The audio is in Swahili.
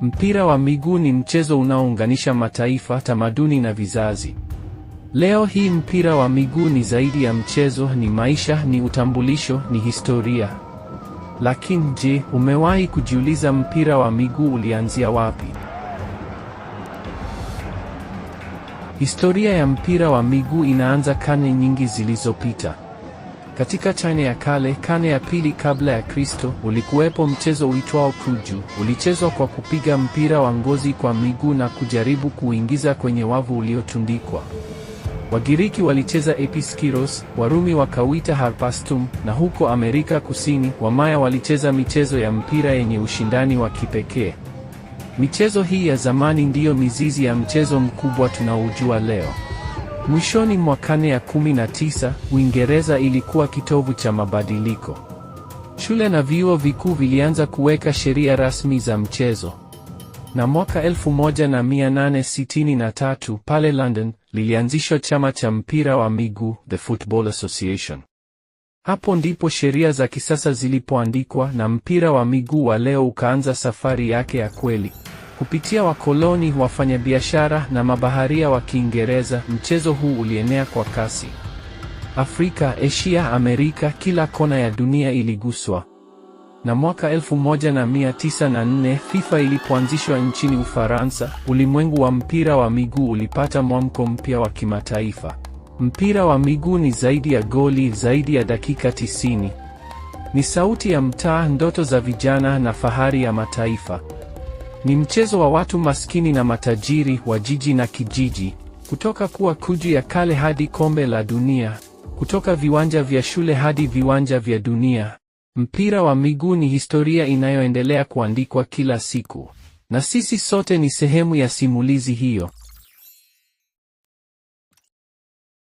Mpira wa miguu ni mchezo unaounganisha mataifa, tamaduni na vizazi. Leo hii mpira wa miguu ni zaidi ya mchezo, ni maisha, ni utambulisho, ni historia. Lakini je, umewahi kujiuliza mpira wa miguu ulianzia wapi? Historia ya mpira wa miguu inaanza karne nyingi zilizopita. Katika China ya kale, karne ya pili kabla ya Kristo, ulikuwepo mchezo uitwao Kuju. Ulichezwa kwa kupiga mpira wa ngozi kwa miguu na kujaribu kuingiza kwenye wavu uliotundikwa. Wagiriki walicheza episkiros, Warumi wakauita harpastum, na huko Amerika Kusini, Wamaya walicheza michezo ya mpira yenye ushindani wa kipekee. Michezo hii ya zamani ndiyo mizizi ya mchezo mkubwa tunaoujua leo. Mwishoni mwa karne ya 19, Uingereza ilikuwa kitovu cha mabadiliko. Shule na vyuo vikuu vilianza kuweka sheria rasmi za mchezo. Na mwaka 1863 pale London lilianzishwa chama cha mpira wa miguu, the Football Association. Hapo ndipo sheria za kisasa zilipoandikwa na mpira wa miguu wa leo ukaanza safari yake ya kweli. Kupitia wakoloni, wafanyabiashara na mabaharia wa Kiingereza, mchezo huu ulienea kwa kasi. Afrika, Asia, Amerika, kila kona ya dunia iliguswa. Na mwaka 1904 FIFA ilipoanzishwa nchini Ufaransa, ulimwengu wa mpira wa miguu ulipata mwamko mpya wa kimataifa. Mpira wa miguu ni zaidi ya goli, zaidi ya dakika 90. Ni sauti ya mtaa, ndoto za vijana na fahari ya mataifa. Ni mchezo wa watu maskini na matajiri, wa jiji na kijiji, kutoka kuwa kuju ya kale hadi kombe la dunia, kutoka viwanja vya shule hadi viwanja vya dunia. Mpira wa miguu ni historia inayoendelea kuandikwa kila siku, na sisi sote ni sehemu ya simulizi hiyo.